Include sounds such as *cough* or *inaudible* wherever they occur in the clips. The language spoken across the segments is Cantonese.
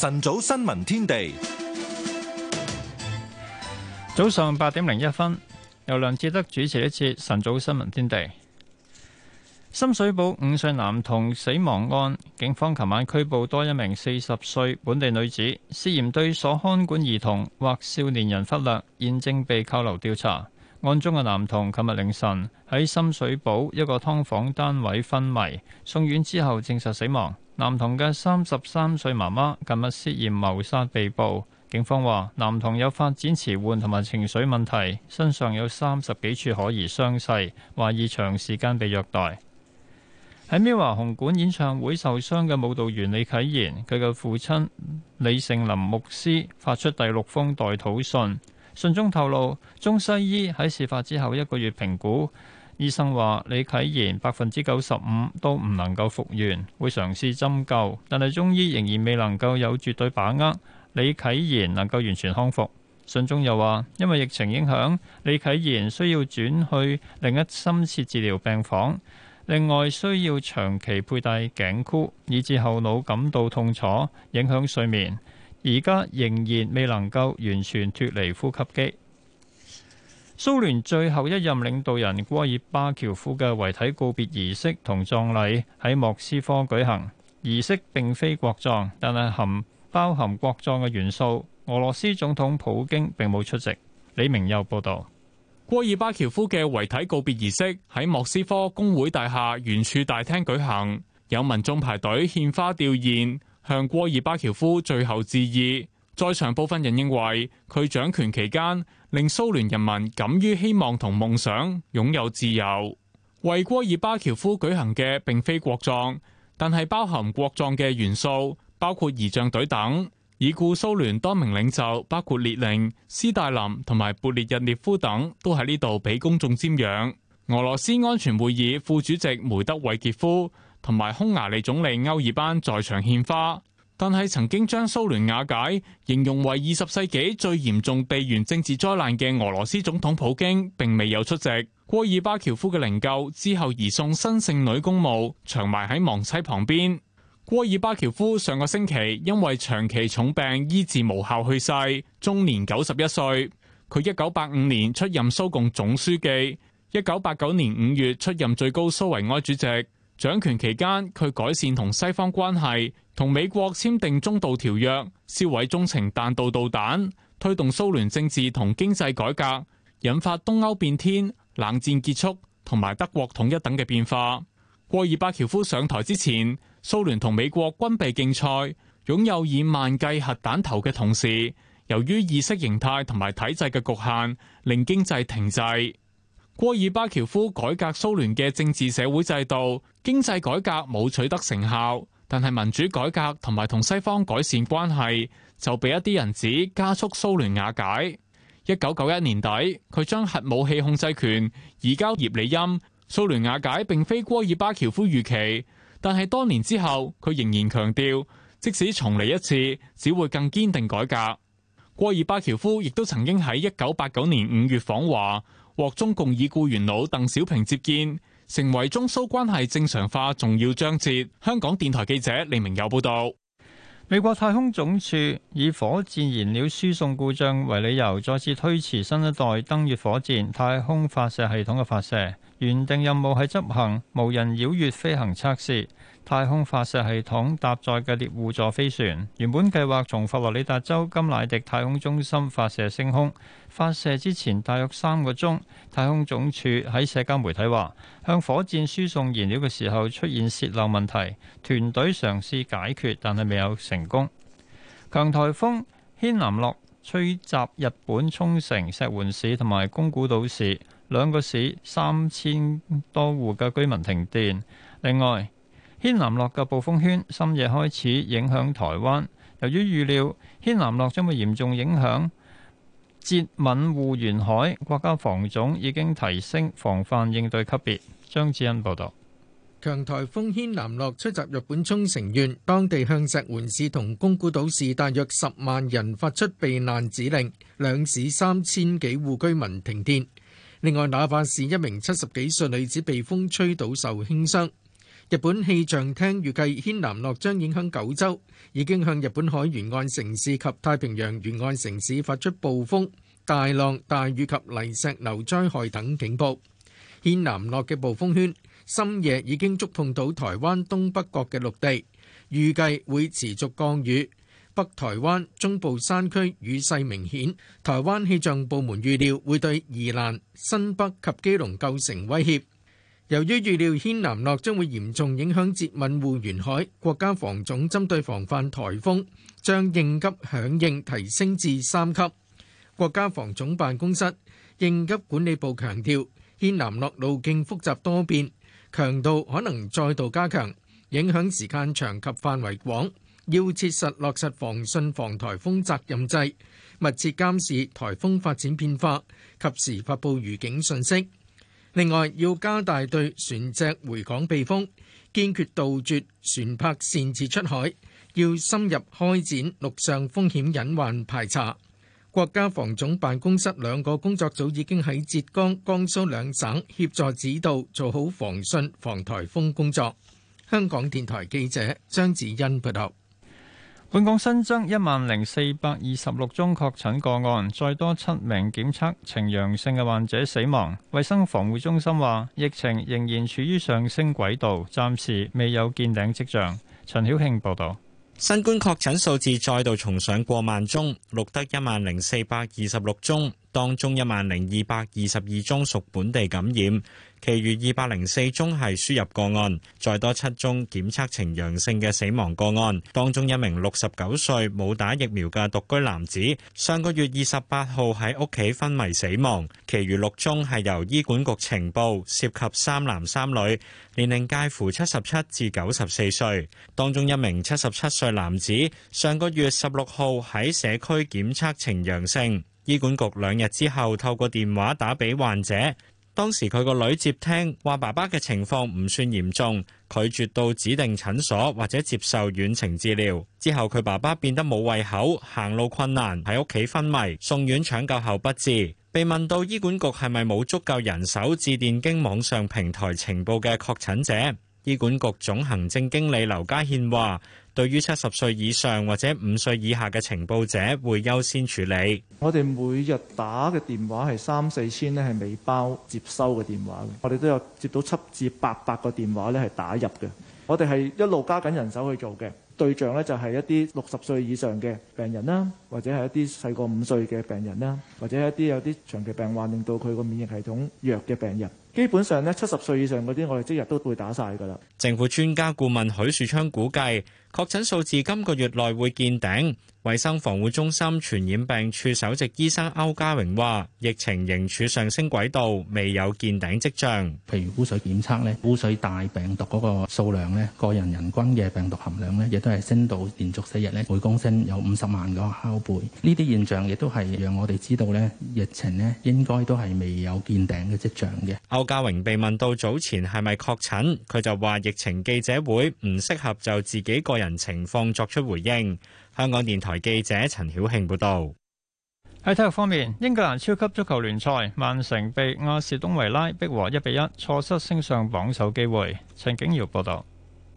晨早新聞天地，早上八點零一分，由梁志德主持一次晨早新聞天地。深水埗五歲男童死亡案，警方琴晚拘捕多一名四十歲本地女子，涉嫌對所看管兒童或少年人忽略，現正被扣留調查。案中嘅男童琴日凌晨喺深水埗一個劏房單位昏迷，送院之後證實死亡。男童嘅三十三歲媽媽近日涉嫌謀殺被捕，警方話男童有發展遲緩同埋情緒問題，身上有三十幾處可疑傷勢，懷疑長時間被虐待。喺 MIRROR 紅館演唱會受傷嘅舞蹈員李啟言，佢嘅父親李盛林牧師發出第六封代禱信，信中透露中西醫喺事發之後一個月評估。醫生話：李啟賢百分之九十五都唔能夠復原，會嘗試針灸，但係中醫仍然未能夠有絕對把握李啟賢能夠完全康復。信中又話，因為疫情影響，李啟賢需要轉去另一深切治療病房，另外需要長期佩戴頸箍，以致後腦感到痛楚，影響睡眠。而家仍然未能夠完全脫離呼吸機。蘇聯最後一任領導人戈爾巴喬夫嘅遺體告別儀式同葬禮喺莫斯科舉行。儀式並非國葬，但係含包含國葬嘅元素。俄羅斯總統普京並冇出席。李明又報導：戈爾巴喬夫嘅遺體告別儀式喺莫斯科工會大廈圓柱大廳舉行，有民眾排隊獻花吊唁，向戈爾巴喬夫最後致意。在場部分人認為，佢掌權期間令蘇聯人民敢於希望同夢想，擁有自由。為戈爾巴喬夫舉行嘅並非國葬，但係包含國葬嘅元素，包括儀仗隊等。已故蘇聯多名領袖，包括列寧、斯大林同埋勃列日涅夫等，都喺呢度俾公眾瞻仰。俄羅斯安全會議副主席梅德韋傑夫同埋匈牙利總理歐爾班在場獻花。但係曾經將蘇聯瓦解形容為二十世紀最嚴重地緣政治災難嘅俄羅斯總統普京，並未有出席。戈爾巴喬夫嘅靈柩之後移送新聖女公墓，長埋喺亡妻旁邊。戈爾巴喬夫上個星期因為長期重病醫治無效去世，終年九十一歲。佢一九八五年出任蘇共總書記，一九八九年五月出任最高蘇維埃主席。掌權期間，佢改善同西方關係，同美國簽訂中導條約，銷毀中程彈道導彈，推動蘇聯政治同經濟改革，引發東歐變天、冷戰結束同埋德國統一等嘅變化。戈爾巴喬夫上台之前，蘇聯同美國軍備競賽，擁有以萬計核彈頭嘅同時，由於意識形態同埋體制嘅局限，令經濟停滯。戈爾巴喬夫改革蘇聯嘅政治社會制度，經濟改革冇取得成效，但係民主改革同埋同西方改善關係就被一啲人指加速蘇聯瓦解。一九九一年底，佢將核武器控制權移交葉利欽。蘇聯瓦解並非戈爾巴喬夫預期，但係多年之後，佢仍然強調，即使重嚟一次，只會更堅定改革。戈爾巴喬夫亦都曾經喺一九八九年五月訪華。獲中共已故元老鄧小平接見，成為中蘇關係正常化重要章節。香港電台記者李明友報道：美國太空總署以火箭燃料輸送故障為理由，再次推遲新一代登月火箭太空發射系統嘅發射。原定任務係執行無人繞月飛行測試，太空發射系統搭載嘅獵戶座飛船原本計劃從佛羅里達州甘迺迪太空中心發射升空。發射之前大約三個鐘，太空總署喺社交媒體話，向火箭輸送燃料嘅時候出現洩漏問題，團隊嘗試解決但係未有成功。強颱風軒嵐諾吹襲日本沖繩石垣市同埋宮古島市。兩個市三千多戶嘅居民停電。另外，軒嵐諾嘅暴風圈深夜開始影響台灣。由於預料軒嵐諾將會嚴重影響浙閩滬沿海，國家防總已經提升防範應對級別。張智恩報導，強颱風軒嵐諾出襲日本沖繩縣，當地向石垣市同宮古島市大約十萬人發出避難指令，兩市三千幾戶居民停電。另外，那霸市一名七十幾歲女子被風吹倒受輕傷。日本氣象廳預計軒嵐諾將影響九州，已經向日本海沿岸城市及太平洋沿岸城市發出暴風、大浪、大雨及泥石流災害等警報。軒嵐諾嘅暴風圈深夜已經觸碰到台灣東北角嘅陸地，預計會持續降雨。北台灣中部山區雨勢明顯，台灣氣象部門預料會對宜蘭、新北及基隆構成威脅。由於預料軒嵐諾將會嚴重影響浙閩滬沿海，國家防總針對防範颱風將應急響應提升至三級。國家防總辦公室應急管理部強調，軒嵐諾路徑複雜多變，強度可能再度加強，影響時間長及範圍廣。要切實落實防汛防颱風責任制，密切監視颱風發展變化，及時發佈預警信息。另外，要加大對船隻回港避風，堅決杜絕船舶擅自出海。要深入開展陸上風險隱患排查。國家防總辦公室兩個工作組已經喺浙江、江蘇兩省協助指導做好防汛防颱風工作。香港電台記者張子欣報道。本港新增一萬零四百二十六宗確診個案，再多七名檢測呈陽性嘅患者死亡。衛生防護中心話，疫情仍然處於上升軌道，暫時未有見頂跡象。陳曉慶報道，新冠確診數字再度重上過萬宗，錄得一萬零四百二十六宗，當中一萬零二百二十二宗屬本地感染。其餘二百零四宗係輸入個案，再多七宗檢測呈陽性嘅死亡個案，當中一名六十九歲冇打疫苗嘅獨居男子，上個月二十八號喺屋企昏迷死亡。其餘六宗係由醫管局情報，涉及三男三女，年齡介乎七十七至九十四歲，當中一名七十七歲男子上個月十六號喺社區檢測呈陽性，醫管局兩日之後透過電話打俾患者。當時佢個女接聽，話爸爸嘅情況唔算嚴重，拒絕到指定診所或者接受遠程治療。之後佢爸爸變得冇胃口、行路困難，喺屋企昏迷，送院搶救後不治。被問到醫管局係咪冇足夠人手致電經網上平台呈報嘅確診者，醫管局總行政經理劉家憲話。對於七十歲以上或者五歲以下嘅情報者，會優先處理。我哋每日打嘅電話係三四千呢，係未包接收嘅電話。我哋都有接到七至八百個電話咧，係打入嘅。我哋係一路加緊人手去做嘅對象呢，就係一啲六十歲以上嘅病人啦，或者係一啲細過五歲嘅病人啦，或者一啲有啲長期病患，令到佢個免疫系統弱嘅病人。基本上呢，七十歲以上嗰啲，我哋即日都會打晒㗎啦。政府專家顧問許樹昌估計。確診數字今個月內會見頂，衛生防護中心傳染病處首席醫生歐家榮話：，疫情仍處上升軌道，未有見頂跡象。譬如污水檢測咧，污水大病毒嗰個數量咧，個人人均嘅病毒含量咧，亦都係升到連續四日咧，每公升有五十萬個拷貝。呢啲現象亦都係讓我哋知道咧，疫情咧應該都係未有見頂嘅跡象嘅。歐家榮被問到早前係咪確診，佢就話：，疫情記者會唔適合就自己個人人情況作出回應。香港電台記者陳曉慶報道。喺體育方面，英格蘭超級足球聯賽，曼城被亞士東維拉逼和一比一，錯失升上榜首機會。陳景瑤報道。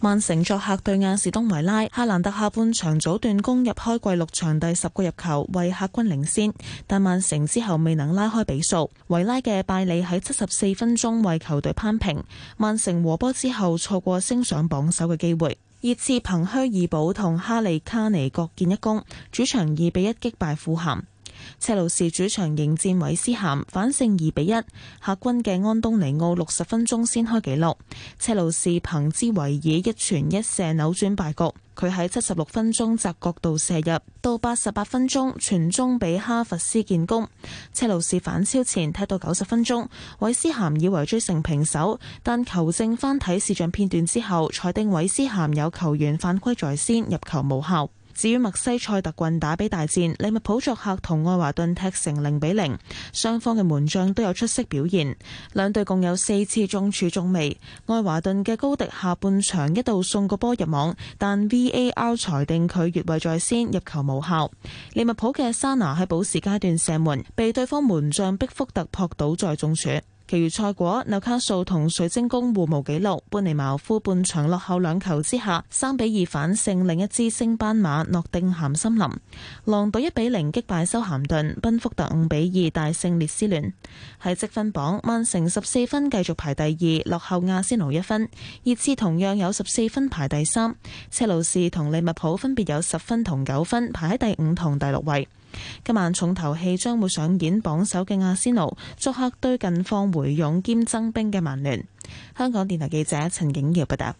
曼城作客對亞士東維拉，哈蘭特下半場早段攻入開季六場第十個入球，為客軍領先。但曼城之後未能拉開比數，維拉嘅拜里喺七十四分鐘為球隊攀平，曼城和波之後錯過升上榜首嘅機會。熱刺憑虛爾堡同哈利卡尼各建一功，主場二比一擊敗富咸。赤路士主場迎戰韋斯咸，反勝二比一。客軍嘅安東尼奧六十分鐘先開紀錄，赤路士憑茲維爾一傳一射扭轉敗局。佢喺七十六分鐘窄角度射入，到八十八分鐘傳中俾哈弗斯建功。車路士反超前踢到九十分鐘，韋斯咸以為追成平手，但球證翻睇視像片段之後，裁定韋斯咸有球員犯規在先，入球無效。至於墨西塞特郡打比大戰，利物浦作客同愛華頓踢成零比零，雙方嘅門將都有出色表現。兩隊共有四次中柱中楣，愛華頓嘅高迪下半場一度送個波入網，但 VAR 裁定佢越位在先，入球無效。利物浦嘅沙拿喺補時階段射門，被對方門將逼福特撲倒再中柱。其餘賽果，紐卡素同水晶宮互無紀錄，班尼茅夫半場落後兩球之下，三比二反勝另一支升班馬諾定咸森林。狼隊一比零擊敗修咸頓，賓福特五比二大勝列斯聯。喺積分榜，曼城十四分繼續排第二，落後亞仙奴一分；熱刺同樣有十四分排第三，車路士同利物浦分別有十分同九分，排喺第五同第六位。今晚重頭戲將會上演榜首嘅阿仙奴，作客對近況回勇兼增兵嘅曼聯。香港電台記者陳景耀報道。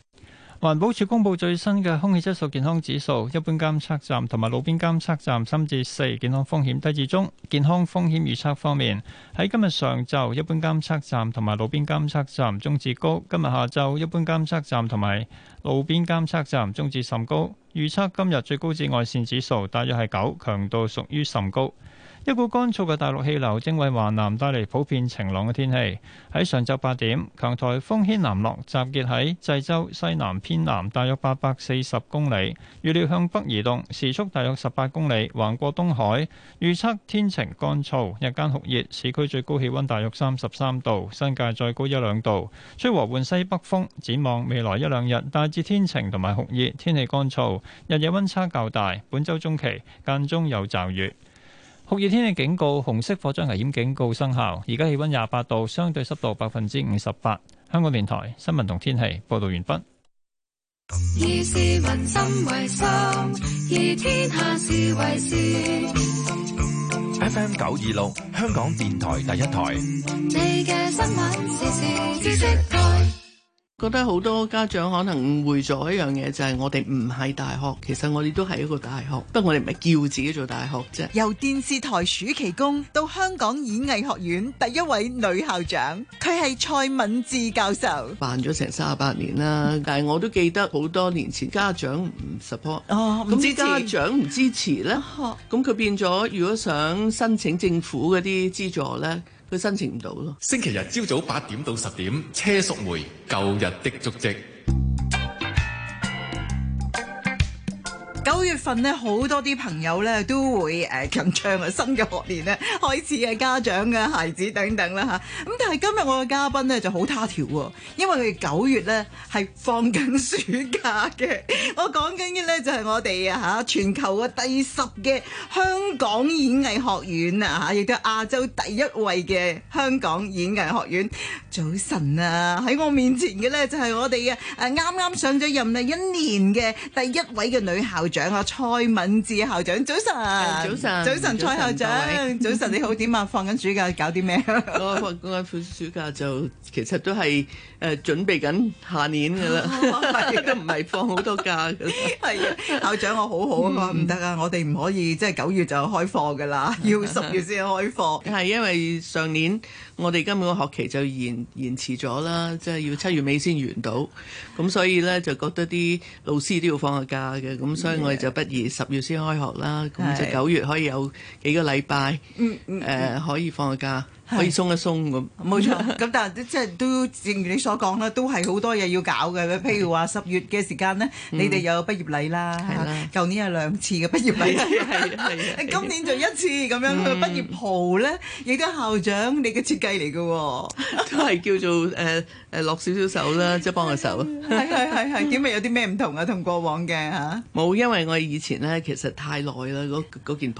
環保署公布最新嘅空氣質素健康指數，一般監測站同埋路邊監測站三至四健康風險低至中。健康風險預測方面，喺今日上晝一般監測站同埋路邊監測站中至高，今日下晝一般監測站同埋路邊監測站中至甚高。預測今日最高紫外線指數大約係九，強度屬於甚高。一股乾燥嘅大陸氣流正為華南帶嚟普遍晴朗嘅天氣。喺上晝八點，強颱風軒嵐諾，集結喺濟州西南偏南，大約八百四十公里，預料向北移動，時速大約十八公里，橫過東海。預測天晴乾燥，日間酷熱，市區最高氣温大約三十三度，新界再高一兩度，吹和緩西北風。展望未來一兩日，大致天晴同埋酷熱，天氣乾燥，日夜温差較大。本週中期間中有驟雨。酷熱天氣警告，紅色火災危險警告生效。而家氣溫廿八度，相對濕度百分之五十八。香港電台新聞同天氣報道完畢。以民心為心，以天下事為事。FM 九二六，香港電台第一台。你嘅新聞，時事知識台。字覺得好多家長可能誤會咗一樣嘢，就係、是、我哋唔係大學，其實我哋都係一個大學，不過我哋唔係叫自己做大學啫。就是、由電視台暑期工到香港演藝學院第一位女校長，佢係蔡敏智教授，辦咗成三十八年啦。 *laughs* 但係我都記得好多年前家長唔 support，咁家長唔支持咧，咁佢、哦啊、變咗如果想申請政府嗰啲資助咧。佢申請唔到咯。星期日朝早八點到十點，車淑梅《舊日的足跡》。九月份咧，好多啲朋友咧都會誒強、呃、唱啊新嘅學年咧開始嘅家長嘅孩子等等啦，吓，咁，但係今日我嘅嘉賓咧就好他條、哦，因為佢哋九月咧係放緊暑假嘅。我講緊嘅咧就係、是、我哋啊，吓，全球嘅第十嘅香港演藝學院啊，吓，亦都係亞洲第一位嘅香港演藝學院。早晨啊，喺我面前嘅咧就係、是、我哋啊誒啱啱上咗任啊一年嘅第一位嘅女校長。長啊，蔡敏智校長，早晨，早晨，早晨，蔡校長，早晨你好，點啊？ *laughs* 放緊暑假搞啲咩？ *laughs* 我放暑假就其實都係誒準備緊下年噶啦，亦、啊啊、 *laughs* 都唔係放好多假嘅。係、啊、校長我好好啊嘛，唔得啊，嗯、我哋唔可以即係九月就開課噶啦，嗯、要十月先開課。係、啊、因為上年我哋今個學期就延延遲咗啦，即、就、係、是、要七月尾先完到，咁所以咧就覺得啲老師都要放下假嘅，咁所以。嗯我哋就不如十月先開學啦，咁就九月可以有幾個禮拜，誒可以放假。可以鬆一鬆咁，冇錯。咁但係即係都，正如你所講啦，都係好多嘢要搞嘅。譬如話十月嘅時間咧，你哋有畢業禮啦，係啦。舊年係兩次嘅畢業禮，係係。今年就一次咁樣嘅畢業袍咧，亦都係校長你嘅設計嚟嘅喎，都係叫做誒誒落少少手啦，即係幫個手。係係係係，點解有啲咩唔同啊？同過往嘅吓。冇，因為我以前咧其實太耐啦，嗰件。